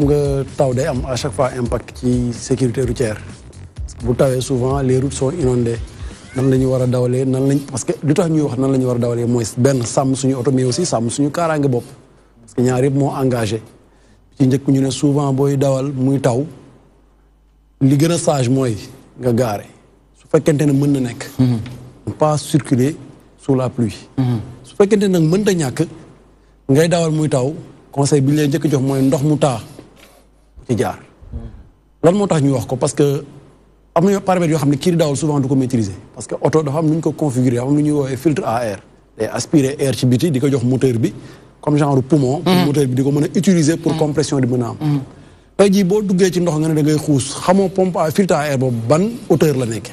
mu nga taw day am à chaque fois impact ci sécurité routière bu tawee souvent les routes sont inondées nan la ñu war a dawalee nan lañ parce que lu tax ñuy wax nan la ñu war a dawalee mooy benn sàmm suñu oto mais aussi sàmm suñu kaaraange bopp parce que ñaar yëpp moo engagé ci njëkk ñu ne souvent booy dawal muy taw li gën a sage mooy nga gaare su fekkente ne mën na nekk mhm. ne pas circuler sous la pluie mhm. su fekkente ne nag mënta ñàkk ngay dawal muy taw conseil bi lay njëkk jox mooy ndox mu taa di jaar. lan motax ñu wax ko parce que am na paramètres yo xamné ne kii daawul souvent du ko maîtriser parce que auto dafa am nu ñu ko configurer am lu ñuy filtre à air. day aspirer air ci biti diko jox moteur bi comme genre poumon. Mm. pour moteur bi diko ko utiliser. pour mm. compression di mën a am. Mm. tey jii boo duggee ci ndox nga ne da ngay xuus xamoo pompe à filtre à air bob ban hauteur la nekk.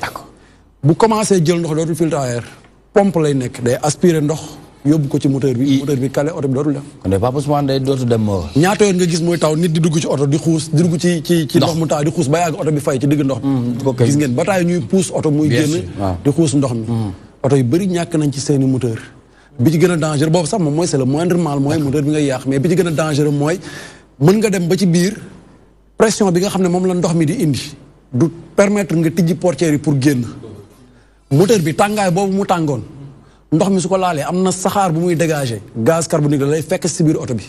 bu commencé jël ndox dootul filtre à air pompe lay nekk day aspirer ndox. yobbu ko ci moteur bi moteur bi calé auto bi dorul dem on n'est pas pour moi day dorul dem ñaata yon nga gis moy taw nit di dugg ci auto di xous di dugg ci ci ci ndox mu ta di xous ba yag auto bi fay ci dig ndox gis ngeen ba tay ñuy pousse auto muy genn di xous ndox mi auto yu bari ñak nañ ci seen moteur bi ci gëna danger bobu sax moy c'est le moindre mal moy moteur bi nga yaax mais bi ci gëna danger moy mën nga dem ba ci biir pression bi nga xamne mom la ndox mi di indi du permettre nga tijji portière pour genn moteur bi tangay bobu mu tangone ndox mi su ko laalee am na saxaar bu muy dégager gaz carbonique la lay fekk si biir oto bi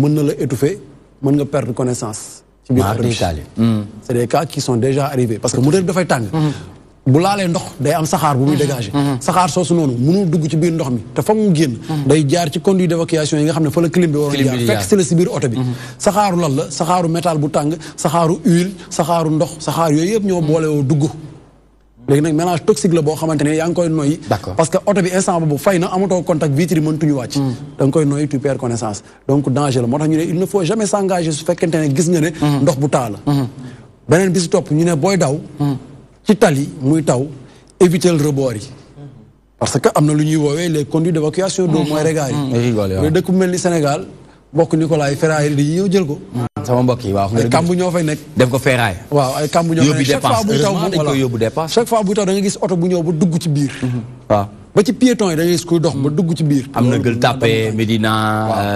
mën na la étouffer mën nga perdre connaissance. ci biir oto bi c' est hmm. des cas qui sont déjà arrivés parce que moteur bi dafay hmm. bu laalee ndox day am saxaar bu muy hmm. dégager. saxaar soosu noonu mënul dugg ci biir ndox mi te fa mu jaar ci conduit d' évacuation yi nga xam ne fa la si la oto bi. saxaaru lan la saxaaru métal bu tàng saxaaru huile saxaaru ndox saxaar yooyu yëpp ñoo boolewoo dugg. léegi nag mélange toxique la boo xamante ne yaa ngi koy noyyi. parce que oto bi instant boobu fay na amatoo contact vitre yi mëntuñu wàcc. Hmm. da nga koy noyyi tu perds connaissance. donc danger la moo tax ñu ne il ne faut jamais s'engager su fekkente ne gis nga ne. Hmm. ndox bu taa hmm. beneen bi topp ñu ne booy daw. ci tali muy taw éviter le rebord yi. parce que am na lu ñuy woowee les conduits d'évacuation d'eau mooy régal yi. dëkk bu mel ni Sénégal. bokk Nicolas yi ferraille dañuy ñëw jël ko. Ah, sama mbokk yi waaw. ay kàmb ñoo fay nekk. def ko ferraille. waaw ay kàmb ñoo fay nekk chaque fois buy taw moom gis oto bu ñëw ba dugg ci biir. Mhm. am na Gueule Tapée Médina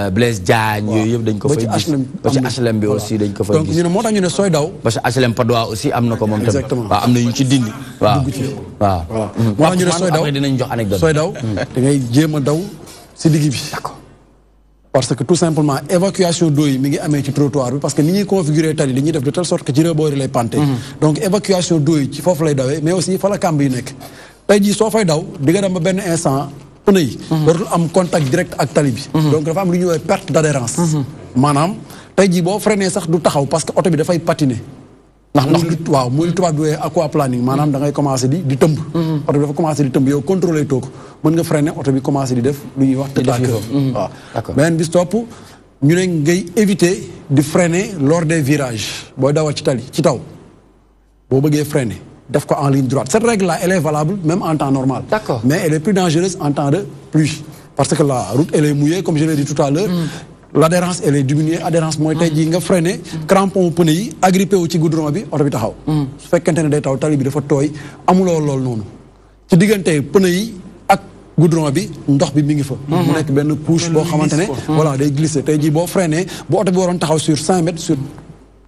euh, Blaise Diagne yooyu yëpp dañ ko fay gis H&M. ba ci HLM bi H&M aussi dañ ko fay gis. donc ñu ne moo tax ne sooy daw. ba ci H&M mhm. daw jox anecdote. sooy daw mhm. da ngay jéem a daw si digg bi d'accord parce que tout simplement évacuation d'eau yi mi ngi amee ci trottoir parce que ni ñuy configurer tali dañuy def de telle sorte que ci reboori lay panté mhm. donc évacuation d'eau yi ci foofu lay dawé mais aussi fa la kàmb yi nekk tey jii soo fay daw di nga dem ba instant pneu yi mhm. am contact direct ak tali bi mhm. donc dafa am lu ñuy woowee perte d'adhérence manam tay ji freiner ça, sax du taxaw parce que auto bi fay patiner ndax ndax waaw muy lu tubaab bi wooyee planning maanaam hmm. da ngay commencé di di tëmb hmm. oto bi dafa commencé di tëmb yow contrôlé too mën nga freiné oto bi commencé di def lu ñuy wax tëdd hmm. waaw beneen bis topp ñu ne ngay éviter di freiner lors des virages booy dawal ci tali ci taw boo bëggee freiner def ko en ligne droite cette règle là elle est valable même en temps normal mais elle est plus dangereuse en temps de pluie parce que la route elle est mouillée comme je l'ai dit tout à l'heure l'adhérence elle eh, est diminuée adhérence moy tay hmm. ji nga freiner crampon pneu yi agrippé wu ci goudron bi auto bi taxaw hmm. su fekkante ne day taw tali bi dafa toy amulo lol nonu ci digënté kan pneu yi ak goudron bi ndox bi mi ngi fa hmm, mu nek ben couche bo xamantene voilà day glisser eh, tay ji bo freiner bu auto bi waron taxaw sur 100 mètres sur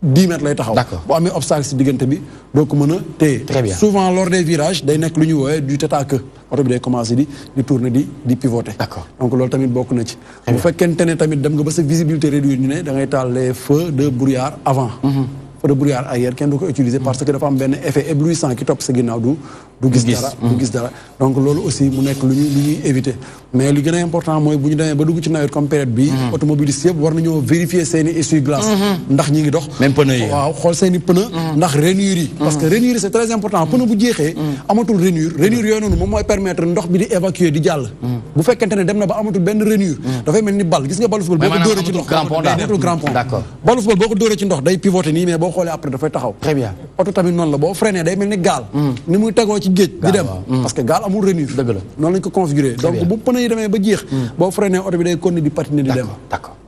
10 mètres lay taxaw bu amee obstacle si diggante bi doo ko mën a souvent lors des virages day nek luñu ñu du tête à queue bi day commencer di di tourner di di pivoter donc lool tamit bokk na ci bu fekkente ne tamit dem nga ba sa visibilité réduite ñu né da ngay tal les feux de brouillard avant mhm. feux de brouillard arrière kenn du ko utiliser parce que dafa am ben effet éblouissant ki top sa ginnaaw du du gis dara du mm-hmm. gis donc loolu aussi mu nekk lu ñuy lu ñuy éviter mais li gën a important mooy bu ñu demee ba dugg ci nawet comme période bi mm-hmm. automobiliste yëpp war nañoo vérifier seen i essuie-glace mm-hmm. ndax ñi ngi dox même pneu yi waaw xool seen i pneu ndax rainures amatul rainure yooyu noonu moom mooy permettre ndox bi di évacuer di jàll bu fekkente ne dem na ba amatul benn rainure dafay mel ni bal gis nga balu football boo ko dóoree ci ndox day amatul nii mais boo xoolee après dafay taxaw oto tamit noon la boo freiné day mel ni gaal mm. ni muy tegoo ci géej di dem mm. parce que gaal amul renif dëgg la noonu lañ ko configuré donc bu pneu yi demee ba jeex mm. boo freiné oto bi day continuer di patiner di dem